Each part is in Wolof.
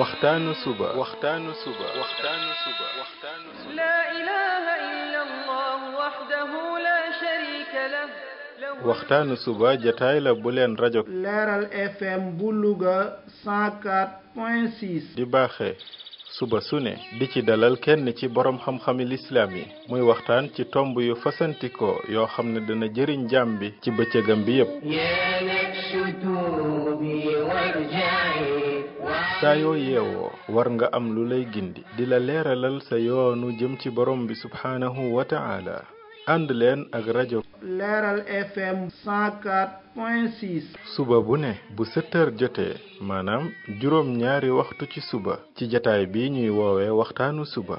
waxtaanu suba waxtaanu suba waxtaanu suba waxtaanu jataay la bu leen rajo leeral fm bu Louga 104.6 di baaxe suba su ne di ci dalal kenn ci boroom xam lislaam yi muy waxtaan ci tomb yu fasantikoo yoo xam ne dina jëriñ jaam bi ci bëccëgam bi yépp saa yoo yeewoo war nga am lu lay gindi di la leeralal sa yoonu jëm ci borom bi subhaanahu wa ta'ala ànd leen ak rajo leeral fm 104.6 suba bu ne bu 7 jotee maanaam juróom ñaari waxtu ci suba ci jataay bi ñuy woowee waxtaanu suba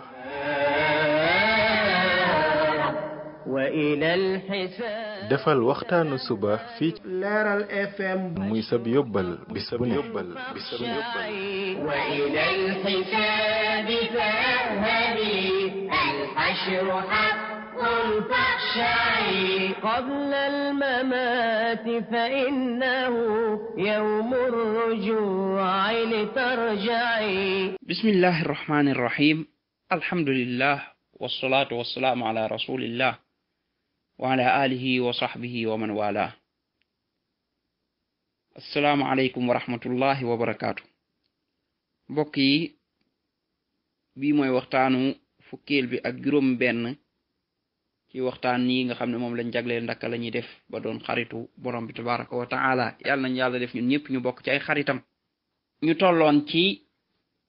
defal waxtaanu suba fii leeral fm muy sab yóbbal bis bu ne bis bu ne wa ila alxisaabi fahhabi alxashru haqqun faxshai qabla almamaati fa innahu yawmu rrujuuci litarjaci bismillahi arrahmani arrahim alhamdulillah wasalaatu wasalaamu ala rasulillah wa ala alihi wa sahbihi wa man wala assalaamu aleykum wa rahmatullahi wa barakaatu mbokk yi bii mooy waxtaanu fukkeel bi ak juróom benn ci waxtaan nii nga xam ne moom lañ jagleel ndaka la def ba doon xaritu borom bi tabaraka wa taala yàlla nañ yàlla def ñun ñëpp ñu bokk ci ay xaritam ñu tolloon ci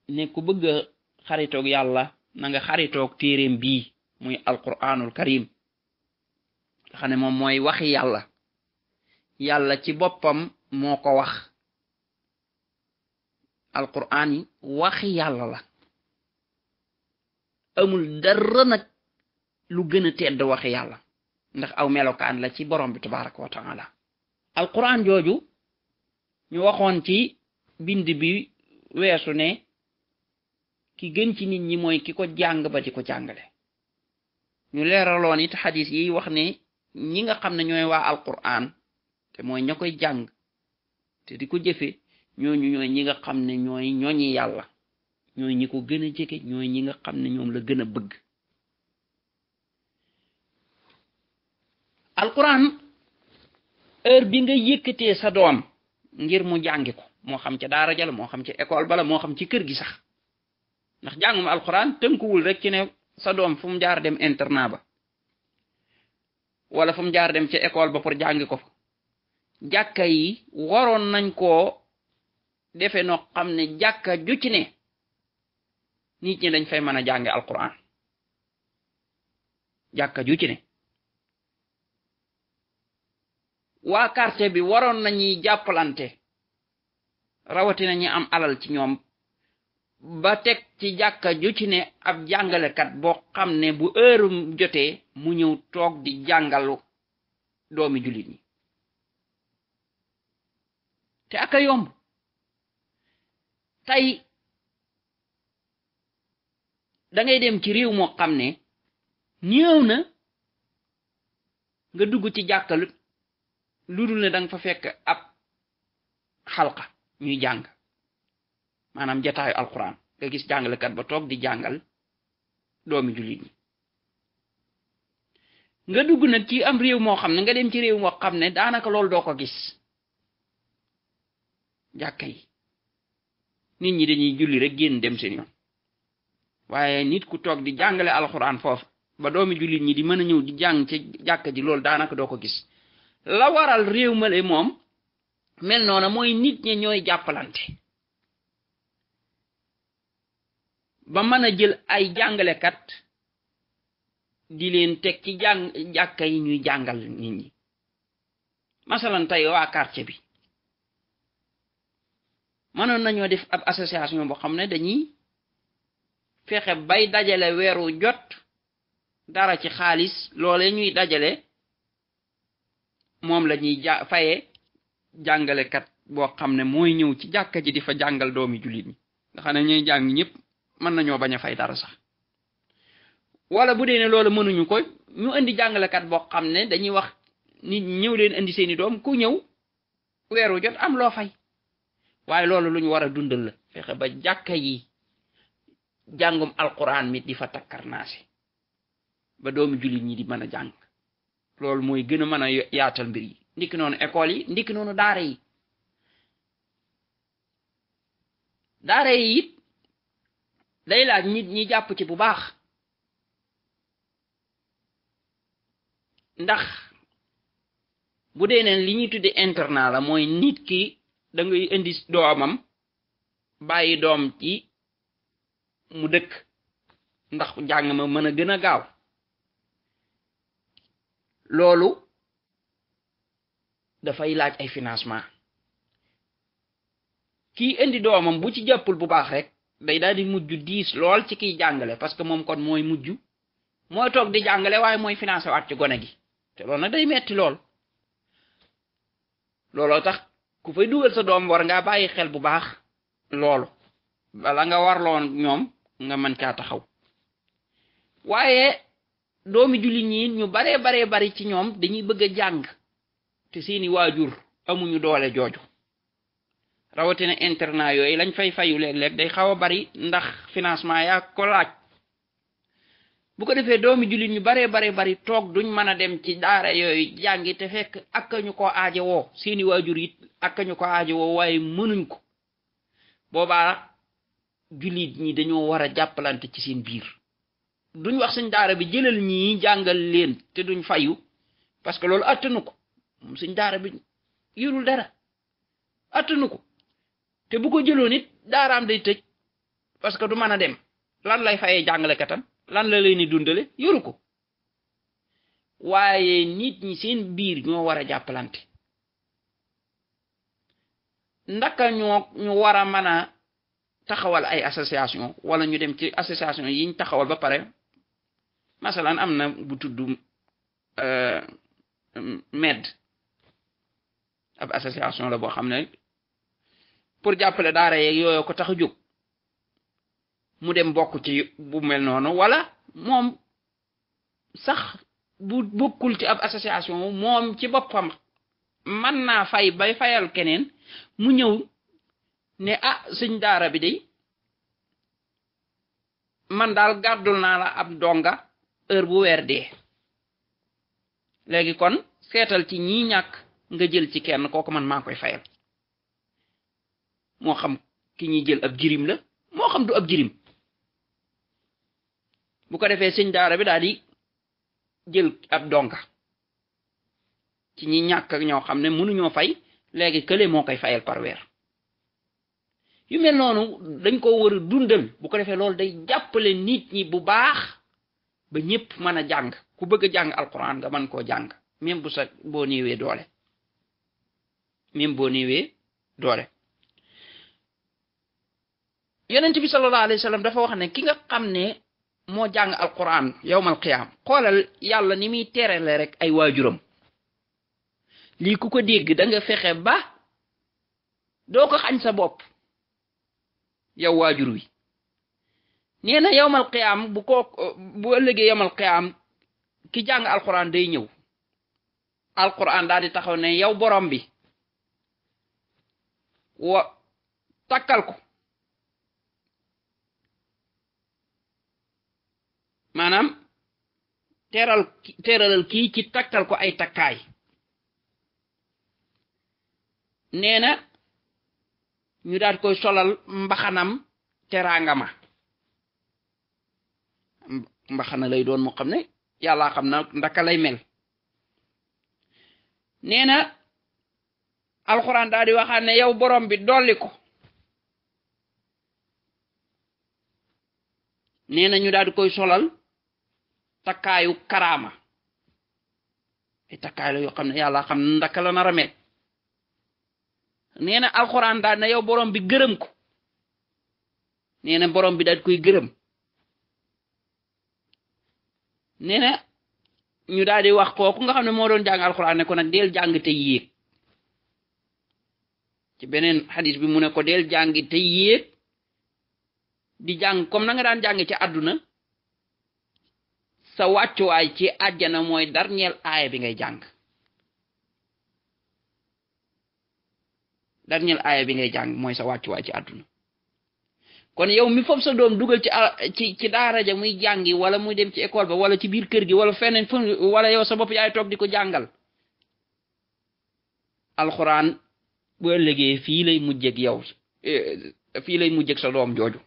ne bëgg a yàlla na nga xaritoog téeréem karim nga xam ne moom mooy waxi yàlla yàlla ci boppam moo ko wax alquraan yi waxi yàlla la amul dara nag lu gën a tedd waxi yàlla ndax aw melokaan la ci borom bi tabaraka wa taala alquraan jooju ñu waxoon ci bind bi weesu ne ki gën ci nit ñi mooy ki ko jàng ba di ko jàngale ñu leeraloon it xadis yi wax ne ñi nga xam ne ñooy waa alquran te mooy ña koy jàng te di ko jëfe ñooñu ñooy ñi nga xam ne ñooy ñooñi yàlla ñooy ñi ko gën a jege ñooy ñi nga xam ne ñoom la gën a bëgg alquran heure bi nga yëkkatee sa doom ngir mu jàngi ko moo xam ca daara ja la moo xam ca école bala moo xam ci kër gi sax ndax jàngum alquran tënkuwul rek ci ne sa doom fu mu jaar dem internat ba wala fu mu jaar dem ca école ba pour jàngi ko fa yi waroon nañ koo defe no xam ne jàkka ju ci ne nit ñi dañ fay mën a jànge alquran jàkka ju ci ne waa quartier bi waroon nañuy jàppalante rawatina ñi am alal ci ñoom ba teg ci jàkka ju ci ne ab jàngalekat boo xam ne bu heure jotee mu ñëw toog di jàngalu doomi jullit ñi te aka yomb tey dangay dem ci réew moo xam ne ñëw na nga dugg ci jàkkalut lu dul ne danga fa fekk ab xalqa ñuy jàng maanaam jataayu alquran nga gis jàngalekat ba toog di jàngal doomi jullit ñi nga dugg nag ci am réew moo xam ne nga dem ci réew moo xam ne daanaka loolu doo ko gis jàkka yi nit ñi dañuy julli rek génn dem seen yoon waaye nit ku toog di jàngale alxuraan foofu ba doomi jullit ñi di mën a ñëw di jàng ci jàkka ji loolu daanaka doo ko gis la waral réew male moom mel noona mooy nit ñi ñooy jàppalante ba mën a jël ay jàngalekat di leen teg ci yi ñuy jàngal nit ñi masalan tey waa quartier bi mënoon nañoo def ab association boo xam ne dañuy fexe bay dajale weeru jot dara ci xaalis loole ñuy dajale moom la ñuy ja jàngalekat boo xam ne mooy ñëw ci jàkka ji di fa jàngal doomi jullit ñi xam ne ñuy jàng ñëpp mën nañoo bañ a fay dara sax wala bu dee ne loolu mënuñu ko ñu indi jàngalekat boo xam ne dañuy wax ni ñëw leen indi seeni doom ku ñëw weeru jot am loo fay waaye loolu lu ñu war a dundal la fexe ba jàkka yi jàngum alquran mi di fa takkarnaase ba doomu jullit ñi di mën a jàng loolu mooy gën a mën a yaatal mbir yi ndikki noonu école yi ndikki noonu daara yi daara yi it day laaj nit ñi jàpp ci bu baax ndax bu dee neen li ñuy tudde internat la mooy nit ki dangay indi doomam bàyyi doom ci mu dëkk ndax jàng ma mën a gën a gaaw loolu dafay laaj ay financement kii indi doomam bu ci jàppul bu baax rek day daal di mujj diis lool ci kiy jàngale parce que moom kon mooy mujj mooy toog di jàngale waaye mooy financé waat ci gone gi te loolu na day metti lool looloo tax ku fay dugal sa doom war ngaa bàyyi xel bu baax loolu bala nga war warloon ñoom nga mën caa taxaw waaye doomi jullit ñi ñu baree baree bari ci ñoom dañuy bëgg a jàng te seeni waajur amuñu doole jooju rawatina internat yooyu lañ fay fayu léeg-léeg day xaw a bari ndax financement yaa ko laaj bu ko defee doomi jullit ñu baree bare bari toog duñ mën a dem ci daara yooyu jàngi te fekk ak ñu ko aaje woo seeni waajur it ak ñu ko aaje woo waaye mënuñ ko boobaa jullit ñi dañoo war a jàppalante ci seen biir duñ wax suñ daara bi jëlal ñi jàngal leen te duñ fayu parce que loolu attanu ko moom daara bi yërul dara attanu te bugg ko jëloon it daaraam day tëj parce que du mën a dem lan lay fayee jàngalekatam lan la lay ni dundale yoru ko waaye nit ñi seen biir ñoo war a jàppalante ndaka ñu war a mën a taxawal ay association walla ñu dem ci association yiñ ñu taxawal ba pare masalan am na bu tudd euh, MED ab association la boo xam ne pour jàppale daara yeeg yooyu ko tax a jóg mu dem bokk ci bu mel noonu wala moom sax bu bokkul ci ab association moom ci boppam mën naa fay bay fayal keneen mu ñëw ne ah suñ daara bi day man daal gàddul naa la ab donga heure bu weer dee léegi kon seetal ci ñi ñàkk nga jël ci kenn kooku man maa koy fayal moo xam ki ñuy jël ab jirim la moo xam du ab jirim bu ko defee sëñ daara bi daal di jël ab donka ci ñi ñàkk ak ñoo xam ne mënuñoo fay léegi kële moo koy fayal par yu mel noonu dañ ko war a dundal bu ko defee loolu day jàppale nit ñi bu baax ba ñëpp mën a jàng ku bëgg a jàng alquran nga mën koo jàng même bu sa boo néewee doole même boo néewee doole yonent bi sallallahu alayhi wa sallam dafa wax ne ki nga xam ne moo jàng alquran yowmal qiyaam xoolal yàlla ni muy terale rek ay waajuram lii ku ko dégg da nga fexe ba doo ko xañ sa bopp yow waajur wi nee na yowmal qiyaam bu ko bu ëllëgee yowmal qiyaam ki jàng alquran day ñëw alquran daal di taxaw ne yow borom bi wa takkal ko maanaam teeral teeralal kii ci takkal ko ay takkaay nee na ñu daad koy solal mbaxanam teraanga mbaxana lay doon moo xam ne yàllaa xam na ndaka lay mel nee na alxuraan daal di ne yow borom bi dolli ko nee na ñu daal koy solal takkaayu karaama ay takkaay la yoo xam ne yàlla xam ne ndaka la nar nee na alxuraan daal na yow borom bi gërëm ko nee na borom bi daal koy gërëm nee na ñu daal di wax kooku nga xam ne moo doon jàng alxuraan ne ko nag del jàng te yéeg ci beneen xadis bi mu ne ko del jàng te yéeg di jàng comme na nga daan jàng ci àdduna sa wàccuwaay ci àjjana mooy dernier aaya bi ngay jàng dernier aaya bi ngay jàng mooy sa wàccuwaay ci àdduna kon yow mi foofu sa doom dugal ci ci ci daara ja muy jàngi wala muy dem ci école ba wala ci biir kër gi wala feneen fu wala yow sa bopp yaay toog di ko jàngal alxuraan bu ëllëgee fii lay mujjeg yow eh, fii lay mujjeg sa doom jooju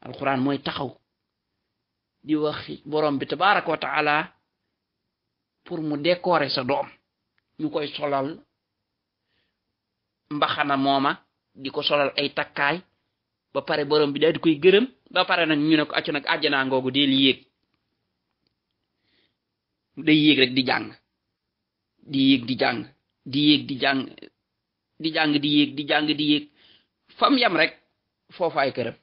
alxuraan mooy taxaw di wax fi borom bi tabaraka wa taala pour mu décorer sa doom ñu koy solal mbaxana mooma di ko solal ay takkaay ba pare borom bi daal di koy gërëm ba pare nag ñu ne ko accu nag àjjanaa ngoogu del yéeg day di jàng di yéeg di jàng di yéeg di jàng di jàng di di jàng di yéeg fam yam rek foofaay këram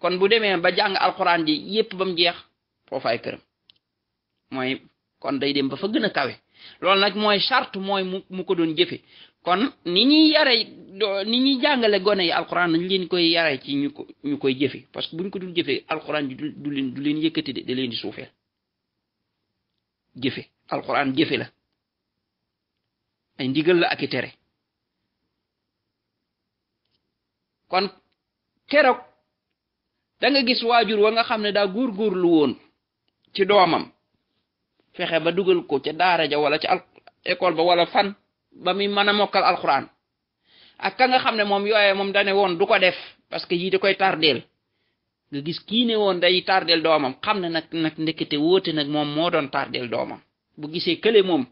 kon bu demee ba jàng alxuraan ji yépp ba mu jeex foofu ay këram mooy kon day dem ba fa gën a kawe loolu nag mooy charte mooy mu mu ko doon jëfe kon ni ñuy yare ni ñuy jàngale gone yi alxuraan nañ leen koy yare ci ñu koy jëfe parce que buñ ko dul jëfe alxuraan du du leen du leen leen di suufeel jëfe alxuraan jëfe la ay ndigal la ak tere kon keroog da nga gis waajur wa nga xam ne daa góorgóorlu woon ci doomam fexe ba dugal ko ca daara ja wala ca al école ba wala fan ba muy mën a mokkal alxuraan ak ka nga xam ne moom yooye moom dane woon du ko def parce que yii da koy tardeel nga gis kii ne woon day tardeel doomam xam ne nag nag ndekete wóote nag moom moo doon tardeel doomam bu gisee kële moom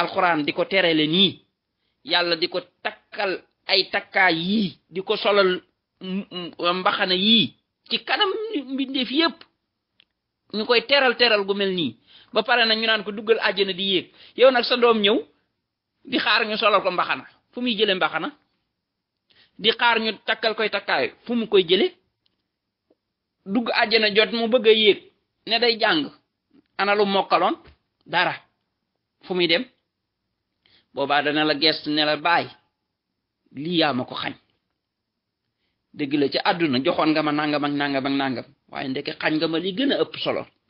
alxuraan di ko terele nii yàlla di ko takkal ay takkaay yii di ko mbaxana yii ci kanam mbindeef yépp ñu koy teral teral gu mel nii ba pare nag ñu naan ko duggal àjjana di yéeg yow nag sa doom ñëw di xaar ñu solal ko mbaxana fu muy jëlee mbaxana di xaar ñu takkal koy takkaay fu mu koy jëlee dugg àjjana jot mu bëgg a yéeg ne day jàng ana lu mokkaloon dara fu muy dem boobaa dana la gestu ne la baay lii yaa ma ko xañ dëgg la ci àdduna joxoon nga ma nangam ak nangam ak nangam waaye ndeke xañ nga ma li gën a ëpp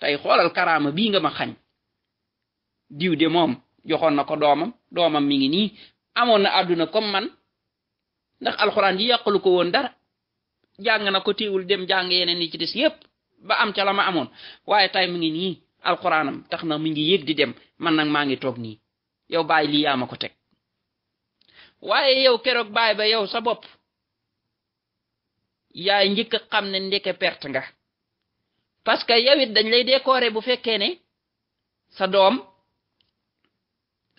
tey xoolal karaama bii nga ma xañ diw de moom joxoon na ko doomam doomam mi ngi nii amoon na àdduna comme man ndax alxuraan ji yàqalu ko woon dara jàng na ko téewul dem jàng yeneen yi ci des yëpp ba am ca la ma amoon waaye tey mu ngi nii alxuraanam tax na mu ngi yëg di dem man nag maa ngi toog nii yow baay lii yaa ma ko teg waaye yow keroog bàyyi ba yow sa yaay njëkk xam ne ndeke perte nga parce que yow dañ lay décorer bu fekkee ne sa doom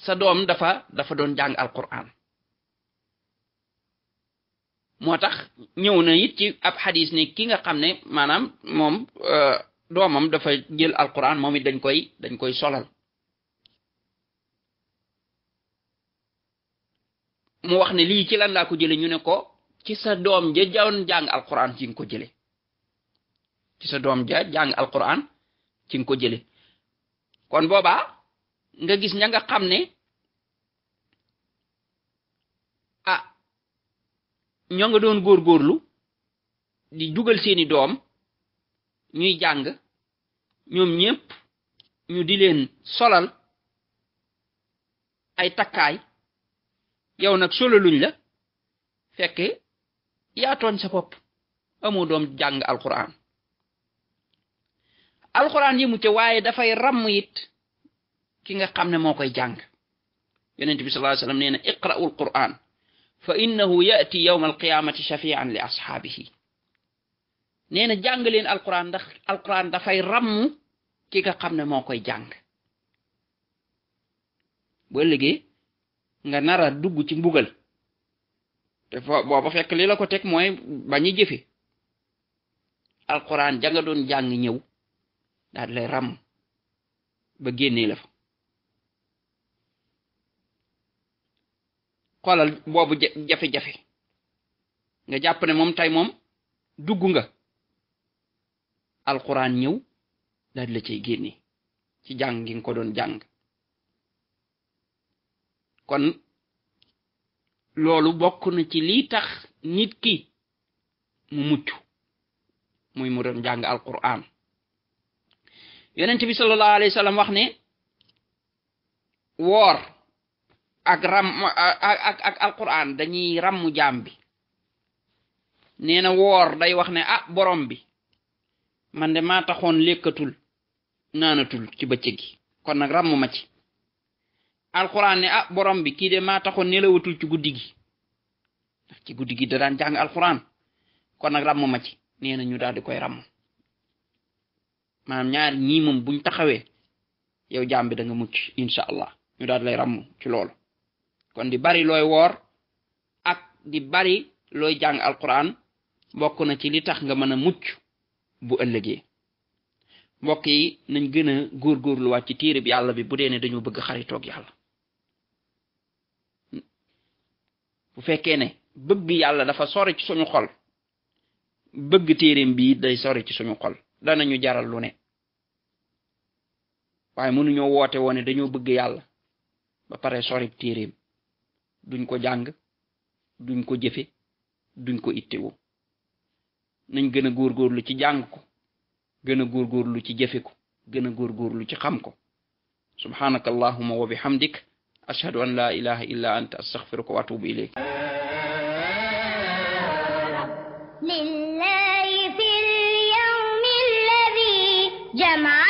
sa doom dafa dafa doon jàng alquran moo tax ñëw na it ci ab xadis ne ki nga xam ne maanaam moom euh, doomam dafa jël alquran moom it dañ koy dañ koy solal mu wax ne lii ci lan laa ko jële ñu ne ko ci sa doom ja doon jàng alquran ci nga ko jële ci sa doom ja jàng alquran ci nga ko jële kon boobaa nga gis ña nga xam ne a ñoo nga doon góorgóorlu di dugal seeni doom ñuy jàng ñoom ñépp ñu di leen solal ay takkaay yow nag solaluñ la fekke yaa tooñ sa bopp amoo doom jàng alquran alquran yi mu ca waaye dafay ràmm it ki nga xam ne moo koy jàng yonent bi sallallahu alayhi wasallam nee na iqra'u fa innahu ya'ti yawma alqiyamati shafi'an li ashaabihi nee na leen alquran dafay ràmm ki nga xam ne moo koy jàng ba léegi nga nara dugg ci mbugal dafa booba fekk li la ko teg mooy bañu jëfe alquran janga doon jàng ñëw daal lay ràmm ba génnee la fa xoolal boobu jafe-jafe nga jàpp ne moom tey moom dugg nga alquran ñëw daal la cay génne ci jàng gi nga ko doon jàng kon loolu bokk na ci lii tax nit ki mu mucc muy mu doon jàng alquran yonent bi sallallahu alayhi wax ne woor ak ram ak ak ak alquran dañuy ràmmu jaam bi nee woor day wax ne a ah, borom bi man de maa taxoon lekkatul naanatul ci bëccëg gi kon nag ma ci alxuraan ne ah borom bi kii de maa taxoon nelawatul la guddi gi ndax ci guddi gi da jàng alxuraan kon nag ràmm ma ci nee na ñu daal di koy ràmm maanaam ñaar ñii moom buñ taxawee yow jàmbi danga mucc incha allah ñu daal di lay ràmm ci loolu kon di bari looy woor ak di bari looy jàng alxuraan bokk na ci li tax nga mën a mucc bu ëllëgee mbokk yi nañ gën a góorgóorluwaat ci téere bi yàlla bi bu dee ne dañoo bëgg xaritoog yàlla bu fekkee ne bëgg yàlla dafa sori ci suñu xol bëgg téeréem bi day sori ci suñu xol danañu jaral lu ne waaye mënuñoo woote woone dañoo bëgg yàlla ba pare sori téeréem duñ ko jàng duñ ko jëfe duñ ko ittewu nañ gën a lu ci jàng ko gën a góorgóorlu ci jëfe ko gën a lu ci xam ko subhanaka allahuma wa bihamdik ashhadu an la ilaha illa anta astaghfiruka wa atubu ilayk لله في اليوم الذي جمع